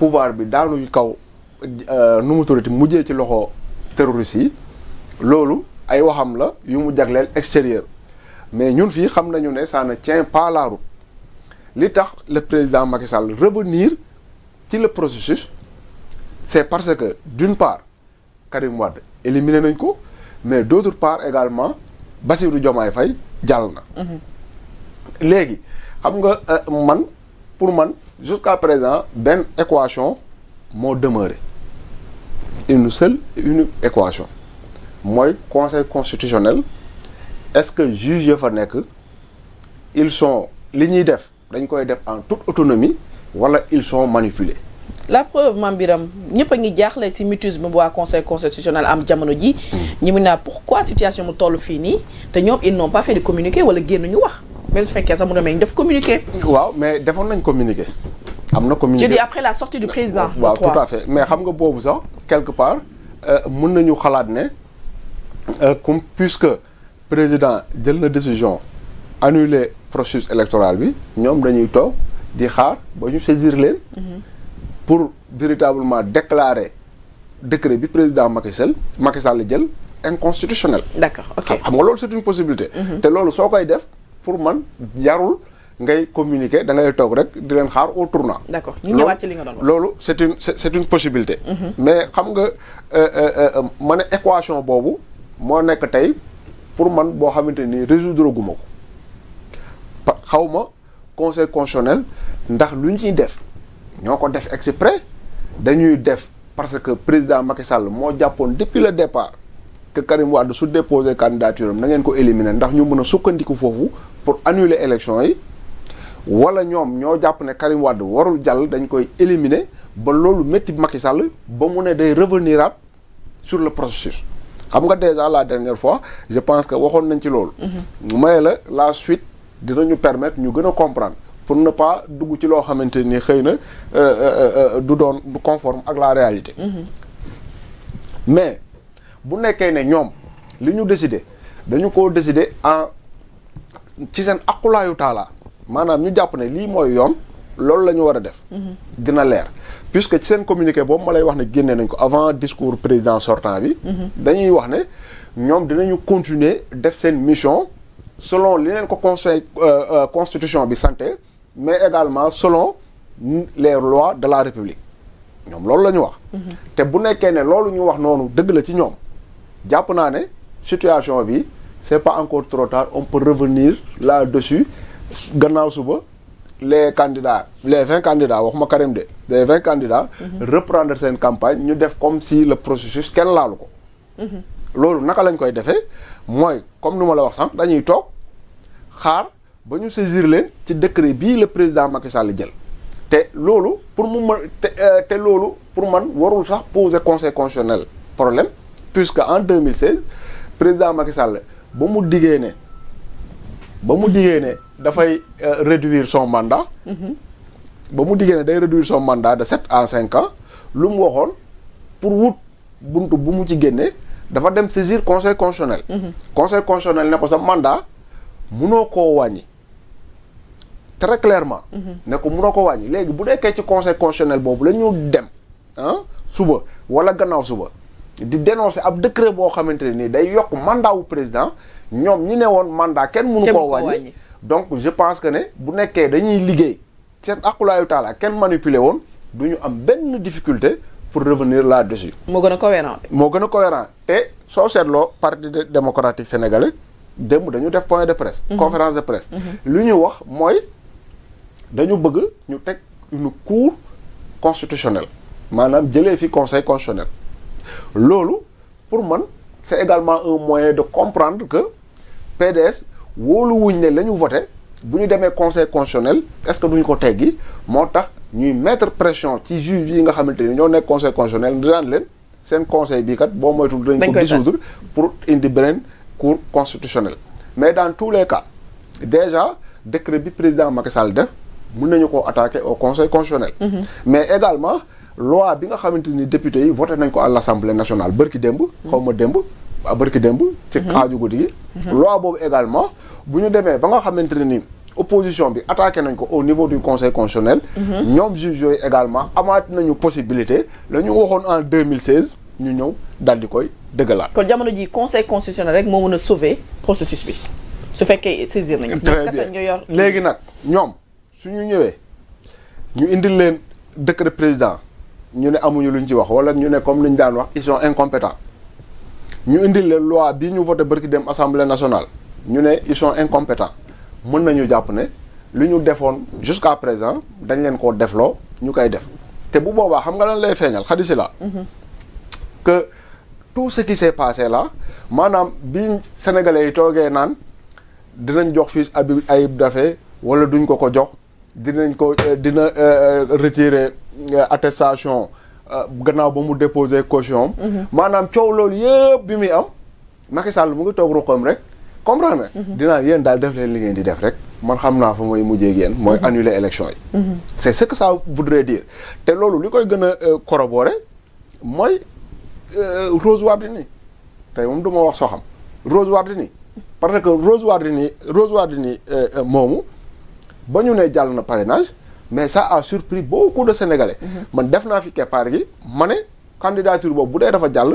pouvoir bi daanuñu kaw euh, nu mu tuddati mujjee ci loxo terroriste yi loolu ay waxam la yu mu jagleel extérieur mais ñun fii xam nañu ne ça ne tient pas la li tax le président Macky Sall revenir ci le processus c'est parce que d'une part Karim Wade éliminé nañ ko mais d'autre part également Bassirou Diomaye fay jàll na mhm. léegi xam nga euh, man pour man jusqu'à présent benn équation moo demeuré une seule une équation mooy conseil constitutionnel est-ce que juge ya fa nekk ils sont li ñuy def dañ koy def en toute autonomie wala ils sont manipulés. la preuve Mame Birame ñëpp a ngi jaaxle ci mutisme bu waa conseil constitutionnel am jamono ji. Hmm. ñi mun naa pourquoi situation mu toll fii nii te ñoom ils n'ont pas fait de communiqué wala génn ñu wax. même su fekkee sax mu def communiqué. waaw mais defoon nañ communiqué. am na communiqué je dis après la sortie du président. waaw tout à fait mais xam nga boobu sax quelque part euh, mun nañu xalaat ne comme euh, puisque président jël na décision annuler processus électoral bi ñoom dañuy toog di xaar ba ñu saisir leen. Mm-hmm. pour véritablement déclarer décret bi président Macky Sall Macky Sall la jël inconstitutionnel. d'accord ok xam nga loolu c'est une possibilité. Mm-hmm. te loolu soo koy def. pour man jarul ngay communiquer da ngay toog rek di leen xaar au tournant. d'accord ñu ñëwaat ci li nga doon wax loolu c'est une c'est une possibilité. Mhm. mais xam nga euh, euh, euh, ma ne équation boobu moo nekk tey pour man boo xamante ni résoudre guma ko xaw ma conseil ndax lu ñu ciy def ñoo ko def exprès dañuy def parce que président Macky Sall moo jàppoon depuis le départ. que Karim Wade su déposé candidature am na ngeen ko éliminer ndax ñu mën a sukkandiku foofu pour annuler élection yi wala ñoom ñoo jàpp ne Karim Wade warul jàll dañ koy éliminer ba loolu métti Macky Sall ba mu ne day revenir at sur le processus xam nga déjà la dernière fois je pense que waxoon nañ ci loolu. Mhm. may la la suite ñu permettre ñu gën a comprendre. pour ne pas dugg ci loo xamante ni xëy na euh, euh, euh, du doon du conforme ak la réalité. Mhm. mais. bu nekkee ne ñoom li ñu décider dañu ko décider en ci seen aqulaayu taalaa maanaam ñu jàpp ne lii mooy yoon loolu la ñu war a def. Mhm. dina leer puisque ci seen communiqué boobu ma lay wax ne génne nañ ko avant discours président sortant bi. Mhm. dañuy wax ne ñoom dinañu continuer def seen mission selon li leen ko conseil euh, euh, constitution bi santé mais également selon les lois de la république ñoom loolu la ñu wax. Mhm. te bu nekkee ne loolu ñu wax noonu dëgg la ci ñoom. jàpp naa ne situation bi c' est pas encore trop tard on pour revenir la dessus gannaaw suba les candidats les vingt candidats waxuma Karim de les vingt candidats. Mhm. reprendre seen campagne ñu def comme si le processus kenn laalu ko. Mhm. loolu naka lañ koy defee mooy comme nu ma la wax sànq dañuy toog xaar ba ñu saisir leen ci décret bii le président Macky Sall jël. te loolu pour mu mën te euh, te loolu pour man warul sax poser conseil constitutionnel problème. puisque en 2016 président Macky Sall ba mu diggee ne ba mu diggee ne dafay euh, réduire son mandat. Mhm. ba mu diggee ne day réduire son mandat de sept à cinq ans lu mu waxoon pour wut bunt bu mu ci génnee dafa dem saisir conseil constitutionnel. Mhm. conseil constitutionnel ne ko sa mandat munoo koo wàññi. très clairement. Mhm. ne ko munoo ko wàññi léegi bu nekkee ci conseil constitutionnel boobu la ñu dem ah suba wala gannaaw suba. di dénoncer ab décret boo xamante ne nii day yokk mandat wu président ñoom ñi ne woon mandat kenn mënu koo wàññi donc je pense que ne bu nekkee dañuy liggéey seen akulaayu ak kenn manipuler woon du ñu am benn difficulté pour revenir là-dessus. moo gën a cohérent. moo gën a cohérent te soo seetloo parti démocratique sénégalais démb dañu def point de presse. Mm -hmm. de presse. Mhm. lu ñu wax mooy dañu bëgg ñu teg une cour constitutionnelle maanaam jëlee fi conseil loolu pour man c'est également un moyen de comprendre que PDS wuñ ne la ñu voté bu ñu demee conseil constitutionnel est-ce que duñu ko teggi moo tax ñuy mettre pression ci juge yi nga xamante ni ñoo nekk conseil constitutionnel daan leen seen conseil bii kat boo moytul dinañ ko dissoudre pour indi beneen cour constitutionnel mais dans tous les cas déjà décret bi président Macky Sall def mun nañu koo attaquer au conseil constitutionnel. Mhm. mais également loi bi nga xamante ni député yi voté nañ ko à l' assemblée nationale bërki démb. xaw ma démb ah, bërki démb. ci mhm. xaaju guddi gi. Mhm. boobu également bu ñu demee ba nga xamante ne ni. opposition bi attaqué nañ ko au niveau du conseil constitutionnel. ñoom juge yooyu également amaat nañu possibilité la ñu waxoon en 2016 ñu ñëw daal di koy dëggalaat. kon jamono ji conseil constitutionnel rek moo mën a sauver processus bi su fekkee saisir nañu. très léegi nag ñoom. su ñu ñëwee ñu indil leen décret président ñu ne amuñu luñ ci wax wala ñu ne comme liñ daan wax ils sont ñu indil leen loi bii ñu voté barki dem assemblée nationale ñu ne ils sont incompétents mën nañu jàpp ne lu ñu defoon jusqu'à présent dañ leen koo defloo ñu koy def te bu boobaa xam nga lan lay feeñal xadisi la mhm. que tout ce qui s'est passé là maanaam bi sénégalais yi toogee naan dinañ jox fii Habib Ayib Daffé wala duñ ko ko jox dinañ ko euh, dina euh, euh, retirer attestation gannaaw ba mu déposer caution am. Mhm. maanaam coow loolu yëpp bi muy am. Macky Sall mu ngi toog ruqam rek comprendre nga. Mhm. dinaa yéen daal def leen li ngeen di def rek. man xam naa fa mooy mujjee yéen mooy mhm. annuler élection yi. c' ce que ça voudrait dire te loolu li koy gën a corroborer mooy Rose Wardini tey moom du ma wax soo xam Rose Wardini parce que Rose Wardini Rose Wardini moomu. ba ñu nee jàll na parrainage mais ça a surpris boo de sénégalais. Mhm. man def naa fi keppaar gi ma ne candidature boobu bu dee dafa jàll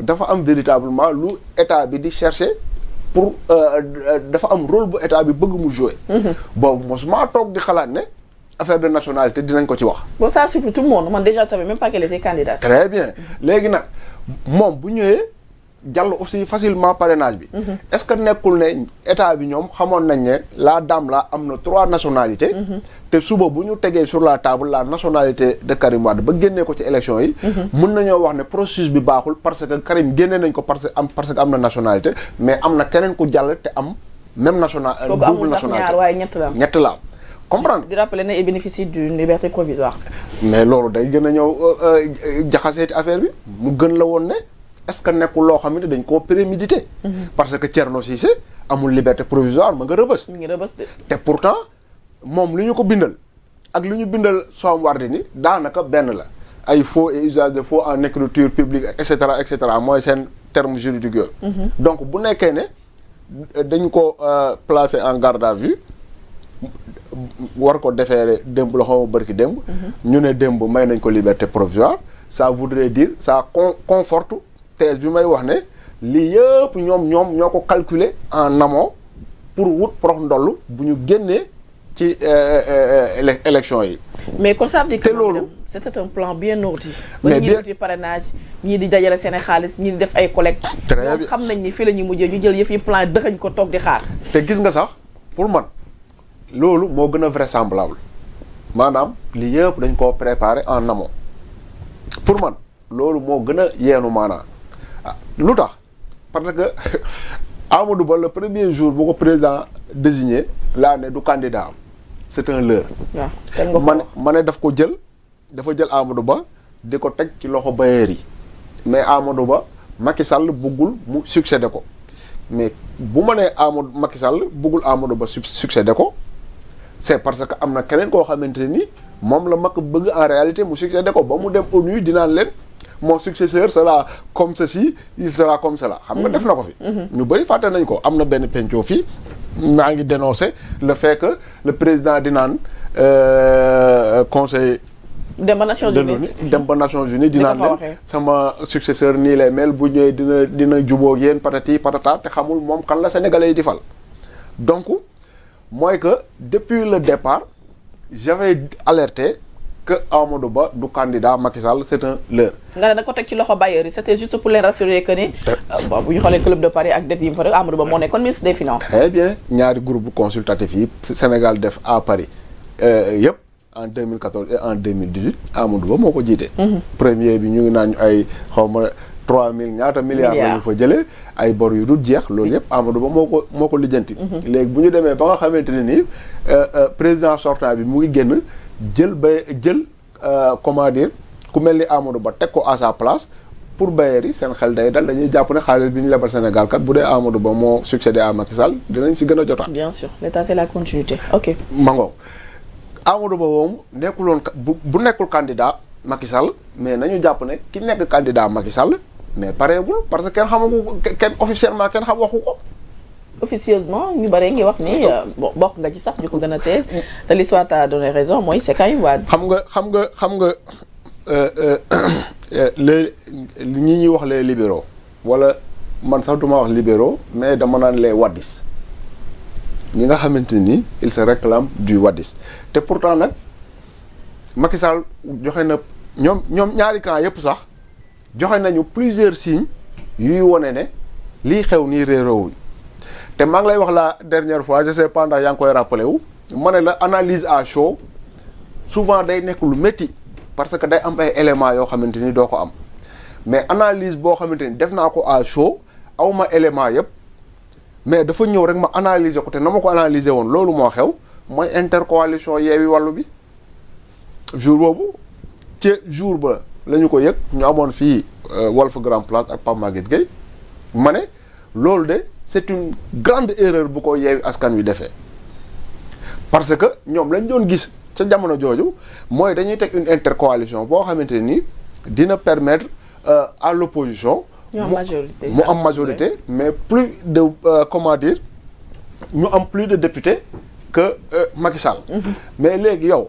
dafa am véritablement lu état bi di chercher. pour euh, euh, dafa am rôle bu état bi bëgg mu jouer. Mhm. boobu mosuma toog di xalaat ne affaire de nationalité dinañ ko ci wax. bon sa surprit tout le monde man déjà je savais même pas qu'elle était candidate. très bien mhm. léegi nag moom bu ñëwee. jàll aussi facilement parrainage bi. Mhm. est-ce que nekkul ne état bi ñoom xamoon nañ ne la dame la am na trois nationalités. Mhm. te suba bu ñu tegee sur la table la nationalité de Karim Wade ba génnee ko ci élection yi. Mhm. mën nañoo wax ne processus bi baaxul parce que Karim génne nañ ko parce que am parce que am na nationalité mais am na keneen ku jàll te am même national. Euh, double nationalité waaye ñett di rappeler ne il bénéficie d'une liberté provisoire. mais loolu day gën a ñëw euh, euh, jaxaseeti affaire bi mu gën la woon ne. est-ce que nekkul loo xam xamante dañ koo prémédité. Mhm. parce que Thierno Cissé amul liberté provisoire ma nga rëbës. mi ngi rëbës de. te pourtant moom lu ñu ko bindal ak lu ñu bindal Soham Wardini daanaka benn la ay faux et usage de faux en écriture publique et cetera et cetera mooy seen terme juridique yooyu. Mhm. donc bu nekkee ne euh, dañ ko euh, placer en garde à vue. war ko defeere démb la xaw ma bërki démb. Mhm. ñu ne démb may nañ ko liberté provisoire ça voudrait dire ça con thèse bi may wax ne lii yëpp ñoom ñoom ñoo ko calculer en amont pour wut prox ndollu bu ñu génnee ci euh, euh, euh, élection yi. mais kon ça veut dire que un plan bien nourri. mais bien ñii ñii di dajale seen xaalis ñii def ay collecte. très bien nañ ni fii la ñuy mujjee ñu jël yëf yi plan ko toog di xaar. te gis nga sax pour man loolu moo gën a vraisemblable maanaam li yëpp dañ koo prépare en namo pour man loolu moo gën a yeenu maanaa lu tax parce que Amadou Ba le premier jour bu ko président désigné laa ne du candidat am c'est un leurre. waaw ma ne ma ne daf ko jël dafa jël Amadou Ba di ko teg ci loxo bayeer yi mais Amadou Ba Macky Sall buggul mu succédé ko mais bu ma nee Amadou Macky Sall buggul Amadou Ba succédé ko c'est parce que am na keneen koo xamante ni moom la mag bëgg en réalité mu succédé ko ba mu dem ONU dinaan leen. mon successeur sera comme ceci il sera comme cela. xam nga mm-hmm. def na ko fi. Mm-hmm. ñu bëri fàtte nañ ko am na benn pencoo fi maa ngi dénoncer le fekk que le président di naan euh, conseil. dem ba Nations Unies dem ba Nations Unies dinaa leen sama successeur nii lay mel bu ñëwee dina dina juboo yéen patati patata te xamul moom kan la sénégalais yi di fal. donc mooy que depuis le départ j'avais alerté. que Amadou Ba du candidat Macky Sall c' un leurre. nga ne da ko teg ci loxo bailleurs yi c' était juste pour leen rassurer que ni. Euh, bu ñu xoolee club de Paris ak dette yi mu fa def Amadou Ba moo nekkoon euh, en 2014 et en 2018 Amadou Ba moo ko jiite. Mhm. premier bi ñu ngi naan ay xaw ma 3000 ñaata milliards la ñu fa jëlee. ay bor yu dul jeex loolu yëpp Amadou Ba moo ko moo ko lijjanti. Mhm. léegi bu ñu demee ba nga xamante ne ni euh, président sortant bi mu ngi génn. jël ba jël euh, comment dire ku mel ni Amadou Ba teg ko à sa place pour bailleurs yi seen xel day dal dañuy jàpp ne xaalis bi ñu lebal Sénégal kat bu dee Amadou Ba moo succédé à Macky Sall dinañ si gën a jotaat. bien sûr l'état c'est la continuité ok. Mango Amadou Ba moom nekkuloon bu bu nekkul candidat Macky Sall mais nañu jàpp ne ki nekk candidat Macky Sall mais pareegul parce que kenn xamagu kenn officiellement kenn xam waxu ko. officieusement ñu bare ngi wax ni ah, euh, bon bokk nga ci sax ñu ko gën a tees mm. te l'histoire t'a donné raison mooy c'est Karim Wade xam nga xam nga xam nga euh, euh, les ñi ñuy wax lee libéraux wala man sax duma wax libéraux mais dama naan les waddis ñi nga xamante ni il se réclame du waddis te pourtant nag Macky Sall joxe na ñoom ñoom ñaari camp yëpp sax joxe nañu plusieurs signes yuy wone ne lii xew nii réeroowuñ te maa lay wax la dernière fois je sais pas ndax yaa ngi koy rappelé wu ma ne la analyse à chaud souvent day nekk lu métti parce que day am ay éléments yoo xamante ni doo ko am mais analyse boo xamante ni def naa ko à chaud aw ma élément yëpp mais dafa ñëw rek ma analyser ko te na ma ko analyser woon loolu moo xew mooy intercoalition Yewwi Wallu bi jour boobu ci jour ba la ñu ko yëg ñu amoon fii euh, Walf Grand Place ak Pape Maguette Gueye ma ne loolu de c'est une grande erreur bu ko yeewi askan wi defee parce que ñoom lañ doon gis ca jamono jooju mooy dañuy teg une intercoalition boo xamante nii dina permettre euh, à l'opposition mu am majorité mais plus de euh, comment dire ñu am plus de députés que euh, Macky Sall mm-hmm. mais léegi yow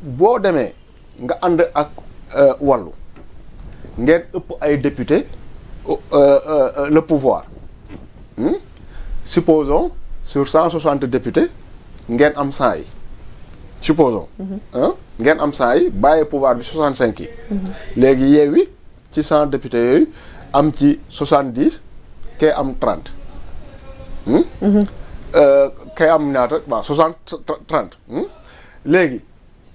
boo demee nga ànd ak wallu ngeen ëpp ay député Euh, euh, euh, le pouvoir hmm? sur cent soixante députés ngeen am cent yi supposons mhm. ngeen am cent yi bàyyi pouvoir bi soixante cinq yi mhm. léegi Yewwi ci cent députés yooyu am ci soixante dix kee am trente hmm? mhm. kay am ñaata waaw soixante trente hmm? léegi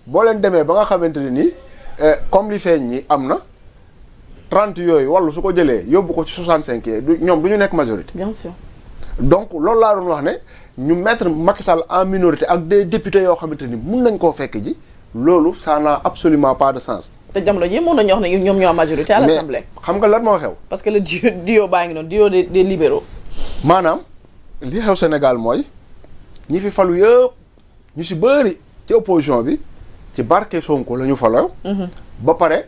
boo leen demee ba nga xamante ne nii comme li feeñ ñi am na 30 yooyu wàllu su ko jëlee yóbbu ko ci 65 yi du ñoom du ñu nekk majorité. bien sûr donc loolu laa doon wax ne ñu mettre Macky Sall en minorité ak des députés yoo xamante ni mun nañ koo fekk ji loolu ça n'a absolument pas de sens. te jamono ji mën nañu wax ne ñoom ñoo am majorité à l'Assemblée. xam nga lan moo xew. parce que le duo duo baa ngi noonu duo des des maanaam li xew Sénégal mooy ñi fi falu yëpp ñu si bari ci opposition bi ci barke Sonko la ñu faloo. Mhm. ba pare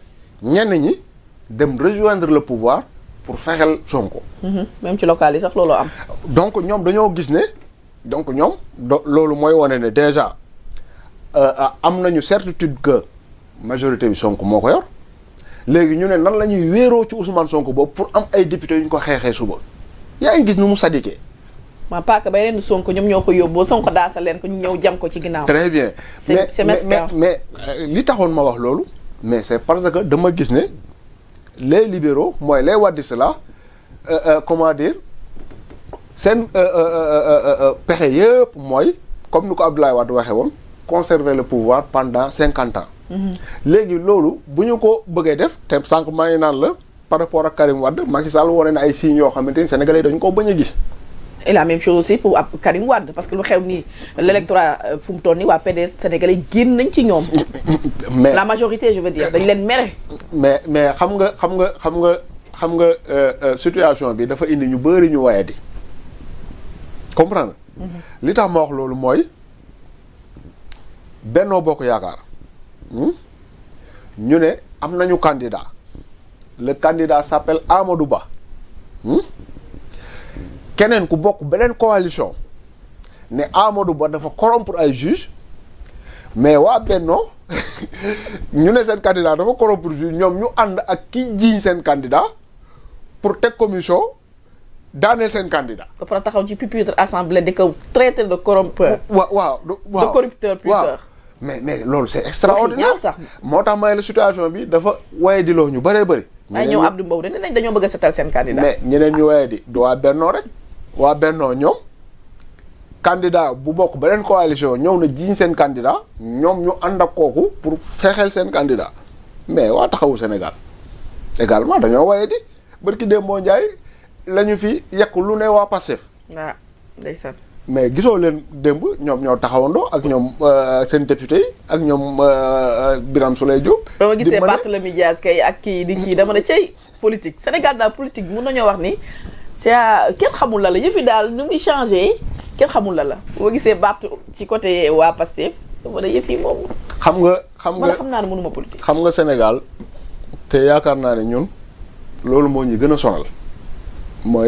dem rejoindre le pouvoir pour fexel Sonko. Mhm. même ci local yi sax looloo am. donc ñoom dañoo gis ne donc ñoom loolu mooy wane ne déjà euh, am nañu certitude que majorité bi Sonko moo ko yor léegi ñu ne nan la ñuy wéeroo ci Ousmane sonk boobu pour am ay député yu ñu ko xeexee suba yaa ngi gis nu mu sadikee. ma paaka bay leen Sonko ñoom ñoo ko yóbboo Sonko daasa leen ko ñu ñëw jam ko ci ginnaaw. très bien mais mais mais euh, li taxoon ma wax loolu mais c'est parce que dama gis ne. les libéraux mooy les waddistes là euh, euh, comment dire seen euh, pexe yëpp mooy comme ni ko Abdoulaye Wade waxe woon conserver le pouvoir pendant cinquante ans. Mhm. léegi loolu bu ñu ko bëggee def te sànq maa ngi naan la par rapport ak Karim Wade Macky Sall wane na ay signes yoo xamante ni Sénégalais dañu ko bañ a gis. et la même chose aussi pour ab Karim Wade parce que lu xew nii l'électorat euh, fu mu toll nii waa PDS sénégalais génn nañ ci ñoom. mais la majorité je dire dañ leen mere. mais mais xam nga xam nga xam nga xam nga euh, euh, situation bi dafa indi ñu bëri ñu waaye di comprendre mhm. li tax ma wax loolu mooy bennoo Bokk Yaakaar hmm? ñu ne am nañu candidat le candidat sappel Amadou Ba. Hmm? keneen ku bokk beneen coalition ne Amadou Ba dafa corrompre ay juge mais waa Benno ñu ne seen candidat dafa corrompre juge ñoom ñu ànd ak ki jiiñ seen candidat pour teg commission daaneel seen candidat. ba pare taxaw ci pupitre assemblée di ko traité de corrompeur. wa waaw waaw de corrupteur plutôt. mais mais loolu c'est extraordinaire sax moo tax may la situation bi dafa waye di loo ñu bëree bëri. ñeneen ñi ay ñoom Abdou Mbow dañu dañoo bëgg a setal seen candidat. mais ñeneen ñu waa Bennoo ñoom candidat bu bokk beneen coalition ñëw na jiiñ seen candidat ñoom ñu ànd ak kooku pour fexeel seen candidat mais waa taxawu Sénégal également dañoo waye di barki Demba Ndiaye la ñu fi yekk lu ne waa Pastef. waaw ah, ndeysaan. mais gisoo leen démb ñoom ñoo taxawandoo ak ñoom euh, seen député yi ak ñoom euh, Birame Souleye Diop. di ma gisee Barthélémy Dias kay ak kii di kii dama ne cey politique Sénégal daal politique mun nañoo wax nii c' est kenn xamul la la yëfi daal ñu ngi changé kenn xamul la la boo gisee baat ci côté waa Pastef dafa ne yëf yi moom. xam nga xam nga xam naa ne mënuma politique. xam nga senegal te yaakaar naa ne ñun loolu moo ñu gën a sonal mooy.